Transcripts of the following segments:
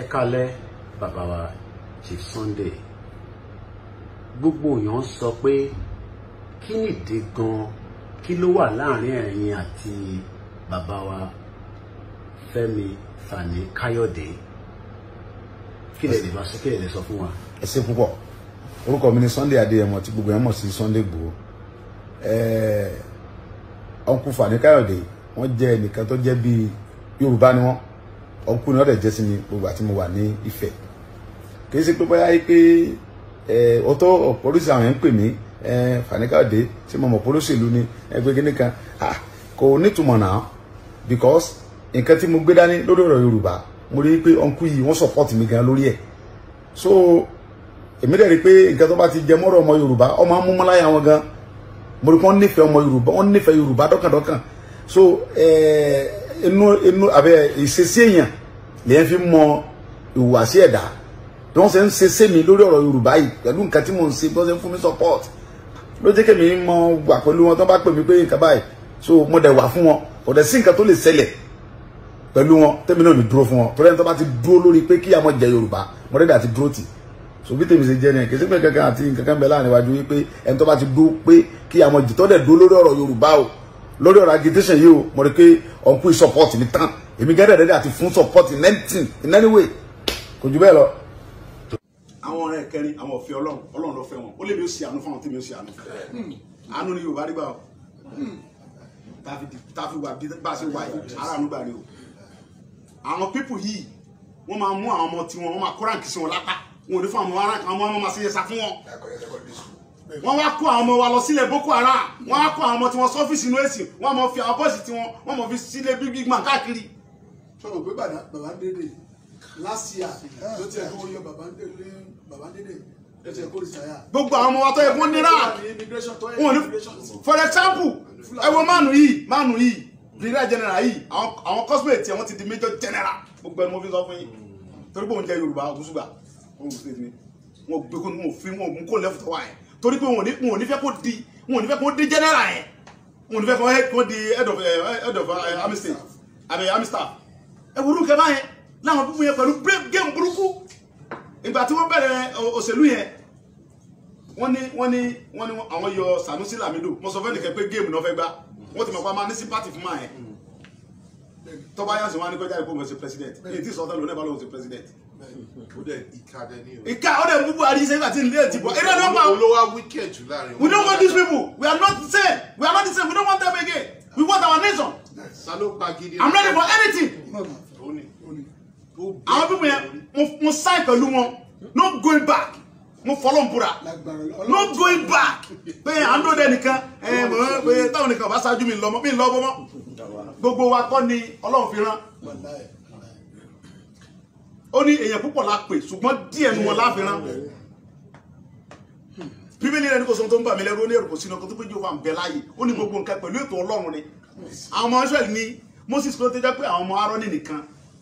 ẹ kalẹ̀ bàbá wa Chief Sunday gbogbo èèyàn sọ pé kí nìdí gan kí ló wà láàrin ẹ̀yin àti bàbá wa Fẹ́mi Fani Káyọ̀dé kí lè lè bá sọ kí lè lè sọ fún wa. ẹ ṣe púpọ̀ orúkọ mi ni Sunday Adéyẹmọ tí gbogbo ẹ̀ mọ̀ sí Sunday Igboho ọ̀nkú Fani Káyọ̀dé wọ́n jẹ́ ẹnìkan tó jẹ́ bíi Yorùbá ni wọ́n ọ̀nkú ni wọ́n dẹ̀ jẹ́ sí mi gbogbo àti mo wà ní Ifẹ̀ kìí ṣe pé bóyá pé ọ̀tọ̀ oríṣi àwọn yẹn ń pè mí Fani Káyọ̀dé ṣé mo mọ̀ polóṣèlú ni ẹgbẹ́ gíní kan kò nítumọ̀ náà because nǹkan tí mo gbé dání lórí ọ̀rọ̀ Yorùbá mo rí i pé ọ̀nkú yìí wọ́n support mi gan lórí ẹ̀ so èmi dẹ̀ rí pé nǹkan tó bá ti jẹ mọ́rọ̀ ọmọ Yorùbá ọmọ amúmọ́láyà wọn gan mo rí pé wọ́n nífẹ̀ẹ́ ọmọ yorùbá wọ́n nífẹ̀ẹ́ yorùbá dọ́kàndọ́kàn so inú inú abẹ́ ìṣesí èèyàn lèyẹn fi mọ ìhùwàsí ẹ̀dá bí wọ́n ṣe ń ṣe sẹ́mi lórí ọ̀rọ̀ yorùbá yìí pẹ̀lú nǹkan tí mò ń ṣe bí wọ́n ṣe ń fún mi support ló jẹ́ kẹ́mi mọ wà pẹ̀lú wọn tó bá pè mí pé nǹkan báyìí so mo dẹ̀ wà fún wọn kò dẹ̀ sí nǹkan tó lè ṣẹlẹ̀ pẹ̀lú wọn tẹ́mi náà ní dúró fún wọn torí ẹni tó bá ti dúró lórí pé kí àmọ́ jẹ yorùbá mo rẹ́dà ti dúró tì so bí tèmi ṣe jẹ́ ni kì í sí pé kankan àti nǹkan kan bẹ láàrin iwájú wípé ẹni tó bá ti dúró pé kí àwọn jìtọ́ dẹ̀ dúró lórí ọ̀rọ̀ Yorùbá o lórí ọ̀rọ̀ agitation yìí o mo rí pé ọ̀nkú yìí mi tán èmi gẹ́gẹ́ dẹ̀dẹ̀ àti fún support in in any kò jù bẹ́ẹ̀ lọ. àwọn ọ̀rẹ́ kẹrin àwọn ọ̀fẹ́ Ọlọ́run Ọlọ́run ló fẹ́ wọn ó lè mi ó ṣe àánú fáwọn tí mi ó ṣe àánú àánú ni Yorùbá rí gbà ó tàfi wà bá a ṣe wà yìí ara àánú gbà rí o àwọn pípù yìí wọ́n máa mú àwọn ọmọ tiwọn wọ́n máa kó ránkì sí wọn lápá wọn ò ní fún àwọn ọmọ aránkà wọn máa ṣe yẹsà fún wọn wọ́n wá kó àwọn ọmọ wa lọ sílẹ̀ boko haram wọ́n wá kó àwọn ọmọ tí wọ́n sọ́fíìsì inú èsì wọ́n mọ̀ fi àwọn bọ́ọ̀sì tí wọ́n wọ́n mọ̀ fi sílẹ̀ big big man káàkiri. sọ̀rọ̀ pé bàbá dédé last year ló ti ẹ̀kọ́ yọ bàbá dédé bàbá dédé ló ti ẹ̀kọ́ ìsàyà. gbogbo àwọn ọmọ wa tó yẹ kó nira for example ẹ wo mánu yìí mánu yìí brigadier general yìí àwọn cosmate tiẹ̀ wọ́n ti di major general gbogbo ẹni mo fi sọ fún yín torí pé òun torí pé wọn ò ní fẹ́ kó di wọn ò ní fẹ́ kó di general yẹn wọn ò ní fẹ́ kó di head of eh, head of eh, army staff àbẹ̀ army staff ẹ̀wùrú kẹfà yẹn láwọn púpọ̀ yẹn pẹ̀lú game burúkú ìgbà tí wọ́n bẹ̀rẹ̀ eh, òṣèlú yẹn wọ́n ní wọ́n ní wọ́n ní àwọn yọ Sanusi Lamido mo sọ pé game náà fẹ́ gbá wọ́n ti mọ̀ pa máa ní sí party fún máa yẹn tọ́ba sì wọ́n á ní kọjá ìkó mọ̀ sí president èyí tí sọ̀tàn lónìí bá lóun sí president Ika all them people are saying that in late people. They don't want. We don't want these people. We are not the same. We are not the same. We don't want them again. We want our nation. I'm ready for anything. Àwọn people yẹn mo sign pẹ̀lú wọn. No going back. Mo fọlọ́ n No going back. Pé à ń dóde nìkan. Ẹ mọ̀ ẹ́ pé táwọn nìkan bá ṣáájú mi lọ́mọ mi lọ́mọ mọ́. Gbogbo wa kọ́ ni Ọlọ́run fi rán ó ní èèyàn púpọ̀ la pè ṣùgbọ́n díẹ̀ nu wọn láfihàn bíbélì rẹ ní kò sọ tó ń bà mí lẹ́rú ó ní èrò kò sínú ọkọ tó pé jehova ń bẹ láàyè ó ní gbogbo nǹkan pẹ̀lú ètò ọlọ́run ni àwọn ọmọ israẹli ní moses ló ti jẹ́ pé àwọn ọmọ aaroni nìkan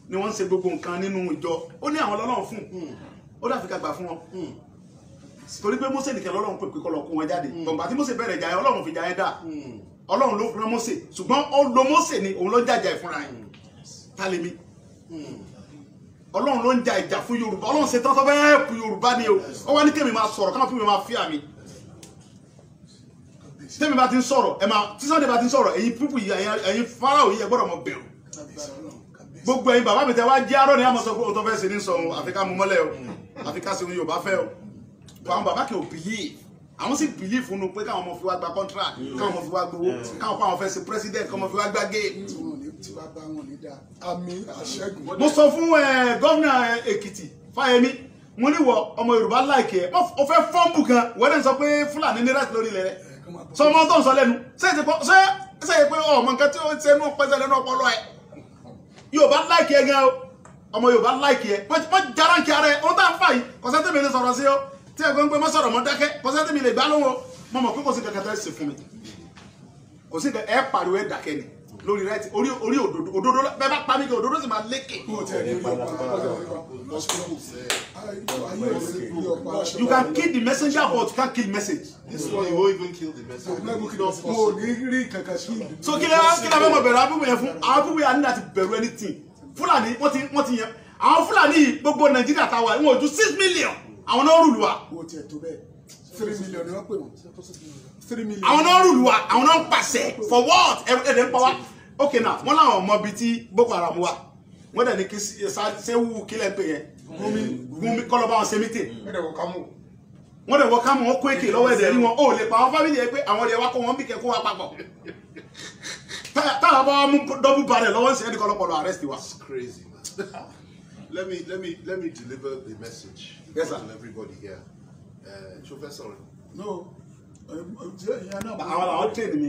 ni wọ́n ń ṣe gbogbo nǹkan nínú ìjọ ó ní àwọn ọlọ́run fún ó dàbí ká gbà fún wọn torí pé mose nìkan lọ́lọ́run pè pé kọ́ lọ kó wọn jáde gbọ̀ngbà tí mose bẹ̀rẹ̀ jàyẹ ọlọ́run fi jàyẹ dà ọlọ́run ló fún mose ṣùgbọ́n ó lo mose ni òun ló jàjà ìfúnra yẹn tálẹ́mí ọlọ́run ló ń ja ìjà fún yorùbá ọlọ́run ṣe tán sọ fẹ́ ẹ̀pù yorùbá ni o ó wá ní kémi máa sọ̀rọ̀ káwọn fún mi máa fi àmì tẹ́mi bá ti ń sọ̀rọ̀ ẹ̀ máa tí Sunday bá ti ń sọ̀rọ̀ ẹ̀yin pípù yìí ẹ̀yin Fáráò yìí ẹ gbọ́dọ̀ mọ bẹ̀rù gbogbo ẹ̀yin bàbá mi tẹ́ wá jẹ́ arọ́ ni a mọ̀ sọ pé o tó fẹ́ ṣe ní sọ ohun àfi ká mú mọ́lẹ̀ o àfi ká ṣe ohun yorùbá fẹ́ o àwọn bàbá kì í bìlíì àwọn sì bìlíì fún un pé káwọn ọmọ fi wá gba contract káwọn ọmọ fi wá gbowó káwọn fẹ́ ṣe president káwọn ọmọ fi wá gbá géèmù tí wàá bá wọn ní dáa àmì àṣẹgùn. mo sọ fún gómìnà èkìtì fáyemí mo ní wọ ọmọ yorùbá láìkè ẹ o fẹ́ fọ́ǹbù kan wọ́n dẹ̀ sọ pé fúlàní ní láti lórí ilẹ̀ rẹ̀ sọ ọmọ tó ń sọ lẹ́nu ṣé ṣe pé ọmọ nǹkan tí ó ṣe nú pẹ́sẹ̀ lẹ́nu ọpọlọ ẹ̀ yorùbá láìkè ẹ gan o ọmọ yorùbá láìkè ẹ wọ́n jara ń kí ara ẹ ohun tá à ń fà yìí kọ́sẹ́tì mi ní sọ̀rọ̀ sí ọ tí ẹ gbọ́n pé mọ́ sọ̀rọ̀ mọ́ dákẹ́ kọ́sẹ́tì mi lè gbá lóhùn o mo mọ̀ pé kò sí kankan tẹ́ ṣe fún mi kò sí kankan ẹ pariwo ẹ dákẹ́ ni lórí rẹ ti orí orí òdodo òdodo bẹ bá pa mí kí òdodo sì máa lékè. you can kill the messenger but you can't kill message. this one you won't even kill the messenger. mo ní rí kankan sí. so kí ló kí ló fẹ́ mọ̀ bẹ̀rù abúgbò yẹn fún abúgbò yẹn á ní anything fúlàní wọ́n ti wọ́n ti yẹn àwọn fúlàní gbogbo nàìjíríà táwa ìwọ̀n ojú six million àwọn náà rùlù wa. wo tó bẹ́ẹ̀ àwọn náà rúlu wa àwọn náà ń pàṣẹ for what ẹ̀rẹ̀ ń pa wá ok now wọ́n láwọn ọmọ bíi ti Boko Haram wa wọ́n dẹ̀ kí sẹ́wù kílẹ̀ pè yẹn gúnmi kọ́lọ́bà wọn ṣe mítìn dẹ̀ wọ kámú wọn kó èké lọ́wọ́ ẹ̀dẹ̀ rí wọn ó lè pa àwọn fámìlì yẹn pé àwọn ọ̀rẹ́ wa kó wọn bí kẹ́ kó wa papọ̀ táyà bá mú double barrel lọ́wọ́ ń sẹ́yìn nìkan lọ́pọ̀lọ́ arrest wa. Let me let me let me deliver the message yes, to everybody here ṣó fẹ́ sọ̀rọ̀. no àwọn làwọn tèmi ni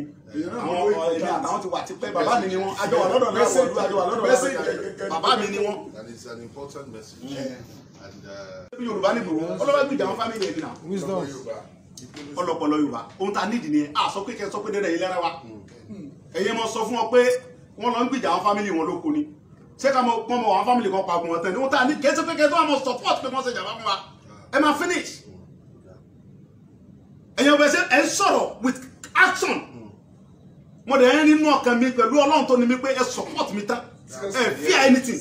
àwọn èmi àtàwọn ti wà tipẹ́ bàbá mi ni wọ́n àjọ wà lọ́dọ̀ náà wọ́n àjọ wà lọ́dọ̀ náà bàbá mi ni wọ́n. that is an important message. ẹbí mm. uh, yorùbá ni bò wọn ọlọ́wọ́ gbìjà wọn fámìlì ẹ̀mí náà. wisdom ọlọpọlọ yorùbá ohun tá a nídìí ni a sọ pé kẹ sọ pé dẹdẹ yìí wa ẹyẹ mm. mọ mm. sọ fún wọn pé wọn lọ ń gbìjà wọn fámìlì wọn lóko ni ṣé ká mọ pọ́n mọ wọn fámìlì kan pa ogun wọn tẹ̀ ni ohun tá a ní kẹsí pé kẹsí wọn mọ support pé wọn ṣe jàmbá fún wa ah. ẹ máa finish ẹ̀yàn bẹ̀ ṣe ẹ̀ ń sọ̀rọ̀ with action mo dẹ̀ ń nínú ọkàn mi pẹ̀lú ọlọ́run tó ní mi pé ẹ support mi tán ẹ fear anything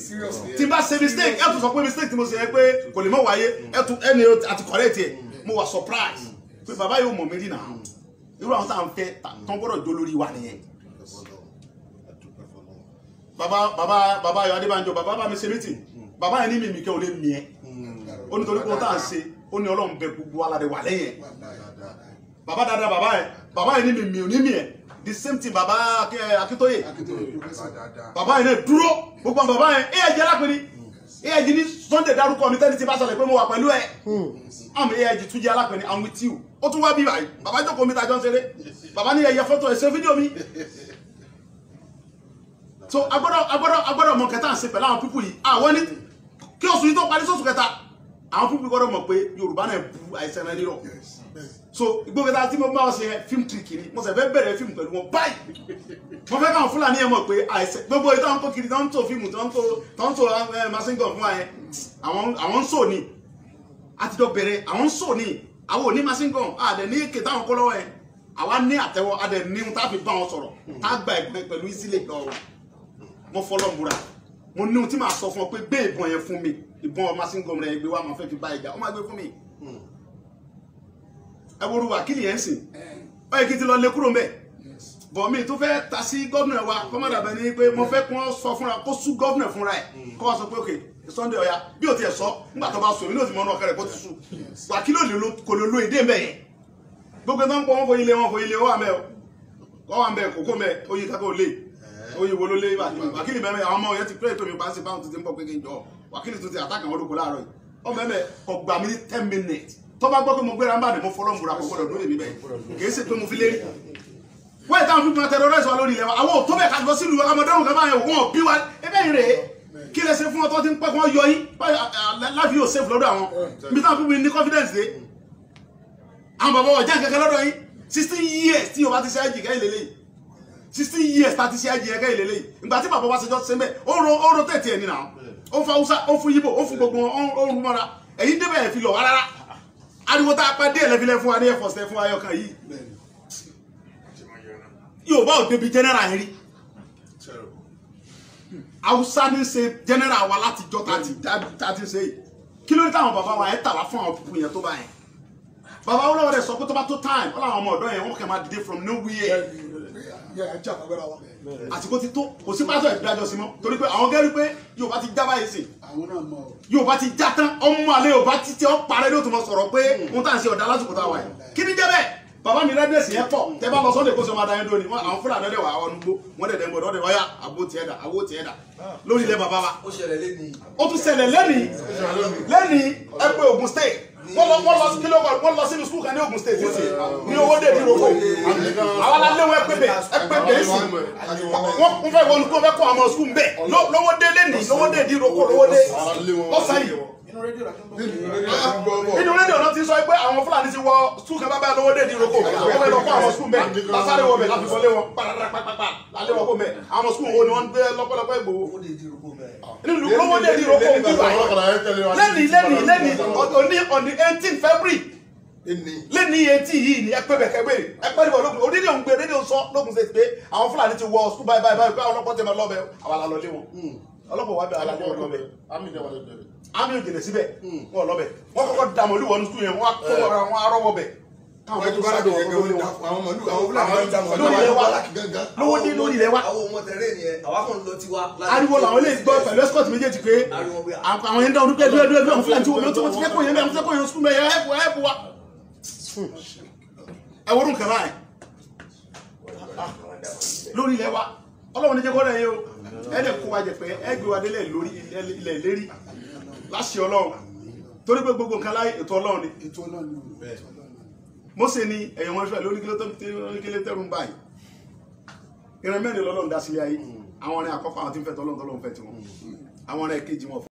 tí n bá ṣe mistake ẹ tún sọ pé mistake tí mo ṣe yẹ pé kò lè mọ̀ wáyé ẹ tún ẹni àti correct tiẹ̀ mo wà surprise pé bàbá yóò mọ̀ mí rí náà irú àwọn tá à ń fẹ́ tán gbọ́dọ̀ jó lórí wa nìyẹn baba baba baba ayọ̀ adébánjọ baba bá mi ṣe meeting baba yẹn ní mímì kẹ́ ò lè mìíẹ́ ó nítorí pé ó tá à ń ṣe ó ní ọlọ́run bẹ gbogbo aládé wà lẹ́yìn Baba dada bàbá yẹn bàbá yẹn ní mi mi ò mi yẹn the same thing bàbá Akíntóyè eh, bàbá yẹn náà duro gbogbo baba yẹn E yẹ jẹ lápẹẹrẹ ẹ yẹ jẹ Sunday dárúkọ mi tẹ́lẹ̀ ti bá sọ̀rọ̀ pé mo wà pẹ̀lú ẹ àmì ẹ yẹ jẹ tún jẹ alápẹ̀rẹ àwọn tí o ó tún wá bí báyìí bàbá jókòó mi ta jọ ń ṣeré bàbá ní yẹ fọ́tò ẹ ṣe fídíò mi so agbọ́dọ̀ agbọ́dọ̀ agbọ́dọ̀ mọ kẹta ṣe pẹ̀lú àwọn pípù yìí àwọn ah, ní kí oṣù yìí tó parí sóṣù kẹta àwọn pípù gbọ́dọ̀ mọ̀ pé Yorùbá náà bu àìsàn rẹ nírọ̀ so gbogbo ta tí mo máa ṣe fíìmù tìrìkì ni mo sì fẹ́ bẹ̀rẹ̀ fíìmù pẹ̀lú wọn báyìí mo fẹ́ káwọn fúlàní ẹ̀ mọ̀ pé àìsẹ̀ gbogbo ìtàn tó kiri tó ń tó fíìmù tó ń tó eh, masingan fún wa yẹn àwọn ń sò ní àtijọ́ bẹ̀rẹ̀ àwọn ń sò ní àwọn ò ní masingan àdẹ̀ ní èké táwọn kọ́ lọ́wọ́ yẹn àwa ní àtẹwọ́ àdẹ̀ ní ohun tá a fi bá wọn sọ̀rọ̀ tá a gba ìgbọ̀n pẹ̀lú ìsílẹ̀ lọ́wọ́ mo fọlọ́ múra mo ní ohun tí màá sọ fún ọ pé gbé ìbọn yẹn fún mi ìbọn masingan rẹ̀ gbé wa máa fẹ́ fi bá ìjà ó máa gbé fún mi ẹ wo wákìlì yẹn sìn ó yẹ kí ti lọ lé kúrò mbẹ bọ̀mí tó fẹ́ ta sí gọ́vnà wa kọ́mọ̀dà bẹ́ẹ̀ ni pé mo fẹ́ kí wọ́n sọ fúnra kó sú gọ́vnà fúnra ẹ̀ mm. kó wá sọ pé òkè Sunday Ọ̀yà bí o tiẹ̀ sọ nígbà tó bá sọ èmi náà ti mọ ọ̀nà ọ̀kẹ́rẹ́ kó ti sú wákìlì kò lè lo èdè mbẹ yẹn gbogbo tó ń pọ wọn fo ilé wọn fo ilé wọn àmẹ o wọn àmẹ kókó mẹ oyin kakó lè oyin eh. wo ló lé wákìlì mẹ́mẹ́ àwọn ọmọ yẹn ti pẹ́ẹ́ tómi tó bá gbọ́ pé mo gbéra ń bàdé mo fọlọ́ múra kò gbọ́dọ̀ lóde níbẹ̀ kì í ṣe pé mo fi lérí wọ́n ìtàn fún mi tẹ̀rọ̀rẹ́sì wa lórí ilẹ̀ wa àwọn òtó bẹ́ẹ̀ ká lọ sílùú ọmọdéhùn kan báyẹn òkun ọ̀bí wa ẹgbẹ́ ìrèé kí lẹ ṣe fún ọtọ́ tí ń pẹ́ kí wọ́n yọ yín láfi yóò save lọ́dọ̀ àwọn mi tàn fún mi ní confidence dé àwọn bàbá ọ̀já kẹ̀kẹ́ lọ́dọ̀ yín sixteen years tí yorùbá ti ṣe àjì kẹ́ ìlélẹ́yìn sixteen years tá ti ṣe àjì kẹ́ ìlélẹ́yìn ìgbà tí bàbá wa ṣe jọ ṣe mẹ́ ó ro ó ro tẹ̀tì ẹ̀ nínà ó fún Haúsá ó fún Yíbò ó fún gbogbo wọn ó rú mọ́ra ẹ̀yin débẹ̀ ẹ̀ fi lọ rárá ariwo tá a pa díẹ̀ lẹ́fílẹ́ fún wa ní ẹ̀fọ̀sẹ̀ fún ayọ̀ kan yìí yóò bá òdebi general rí haúsá ní ṣe general wa látijọ́ tàti ṣe kí ló ní táwọn bàbá wa ẹ̀ tà wá fún àwọn òkùnkùn yẹn tó bá yẹn bàbá wọn lọ́wọ́ rẹ̀ sọ pé tó bá tó time wọn làwọn ọmọ ọ̀dọ́ yẹn wọn kàn máa dìde from nowhere yẹ ẹ jà fọgbẹ́ra wa àsìkò ti tó kò sí pásọ ìdájọ́ sí mọ́ torí pé àwọn gẹ́rí pé Yorùbá ti já báyìí sí Yorùbá ti já tán ọmọ àlẹ́ Yorùbá ti tẹ ọ́ parẹ́ ló tún mọ sọ̀rọ̀ pé wọ́n hmm. tà ń ṣe ọ̀dà lásìkò tá a wà yìí kí ni jẹ́ bẹ́ẹ̀ bàbá mi rẹ́dẹ̀sì yẹn pọ̀ tẹ bá lọ sọ́dẹ̀ kó sọ máa dáyé dóni àwọn fúlàní ọdẹ wà àwọn nugbó wọn dẹ̀ dẹ́gbọ̀dọ̀ ọdẹ wáyà àbó tiẹ̀ dà àbó tiẹ̀ dà lórí ilẹ̀ bàbá wa. ó tún ṣẹlẹ̀ lẹ́nìí lẹ́nìí ẹgbẹ́ Ògùn state wọ́n lọ wọ́n lọ sí kílọ̀ wọ́n lọ sínú sukùl kan ní Ogun State títì ní owó dé ìdí roko àwọn alẹ́ wọn ẹgbẹ́ bẹ́ẹ̀ ẹgbẹ́ bẹ́ẹ̀ sí wọ́n ń fẹ́ wọlé kó fẹ́ kó àwọn sukùl bẹ́ẹ̀ lówó dé lẹ́nìí lówó dé ìdí roko lówó dé ọ̀sán yìí inú rédíò la ti ń gbọ́ náà ti sọ pé àwọn Fúlàní ti wọ sùn kan bábá lówó dé ní ìrókò àwọn ọmọ àwọn sùn bẹ́ẹ̀ lásáré wọ láti wọlé wọn pàràpàpàpà lálẹ́ wọn kò mẹ àwọn sùn wo ni wọn gbé lọ́pọ̀lọpọ̀ Ìgbòho nínú lówó dé ní ìrókò lẹ́ni lẹ́ni lẹ́ni òní on the eighteen February lẹ́ni etí yìí ni ẹgbẹ́ bẹ̀kẹ́ gbé ẹgbẹ́ níbo lókun onídìí òun gbé rédíò sọ lókun ṣe pé àwọn Fúlàní ti wọ sùn báyìí báyìí àmì òjèlè síbẹ̀ hmm. wọn lọ bẹ̀ wọn kọ́kọ́ da mọ̀lú wọnú sùn yẹn eh. wọn kó ara wọn arọ́wọ́ bẹ̀ káwọn tó sá dọ̀ wọn lórí wọn àwọn mọ̀lú àwọn fúlàní da mọ̀lú lórí ilẹ̀ wa lówó dé lórí ilẹ̀ wa. àwọn ọmọ tẹ̀lé ni ẹ àwa kò ń lọ tiwa. ariwo làwọn lè gbọ́ pẹ̀lú escort méjèèjì pé àwọn yẹn dá ọdún pẹ́ẹ́dúró ẹdúró ẹdúró àwọn fúlàní tí wọ́n ti fẹ́ kó yẹn bẹ́ẹ̀ wọ́n ti fẹ́ kó yẹn sùn bẹ́ẹ̀ ẹ̀ẹ́pù ẹ̀ẹ́pù wa. ẹ wọ́n rún kàrá ẹ̀ lórí ilẹ̀ wa ọlọ́run ní jẹ́ kọ́ láṣẹ ọlọ́run torí pé gbogbo nǹkan láyé ètò ọlọ́run ni Mósè ni ẹ̀yàn wọn ṣọlẹ̀ oníkílé tẹ́rù ń báyìí ìran mẹ́rin lọ́lọ́run dá sílé ayé hmm. àwọn ọ̀rẹ́ àkọ́kọ́ àwọn tí ń fẹ́ tọ́lọ́run tọ́lọ́run fẹ́ tiwọn hmm. àwọn ọ̀rẹ́ kejì wọn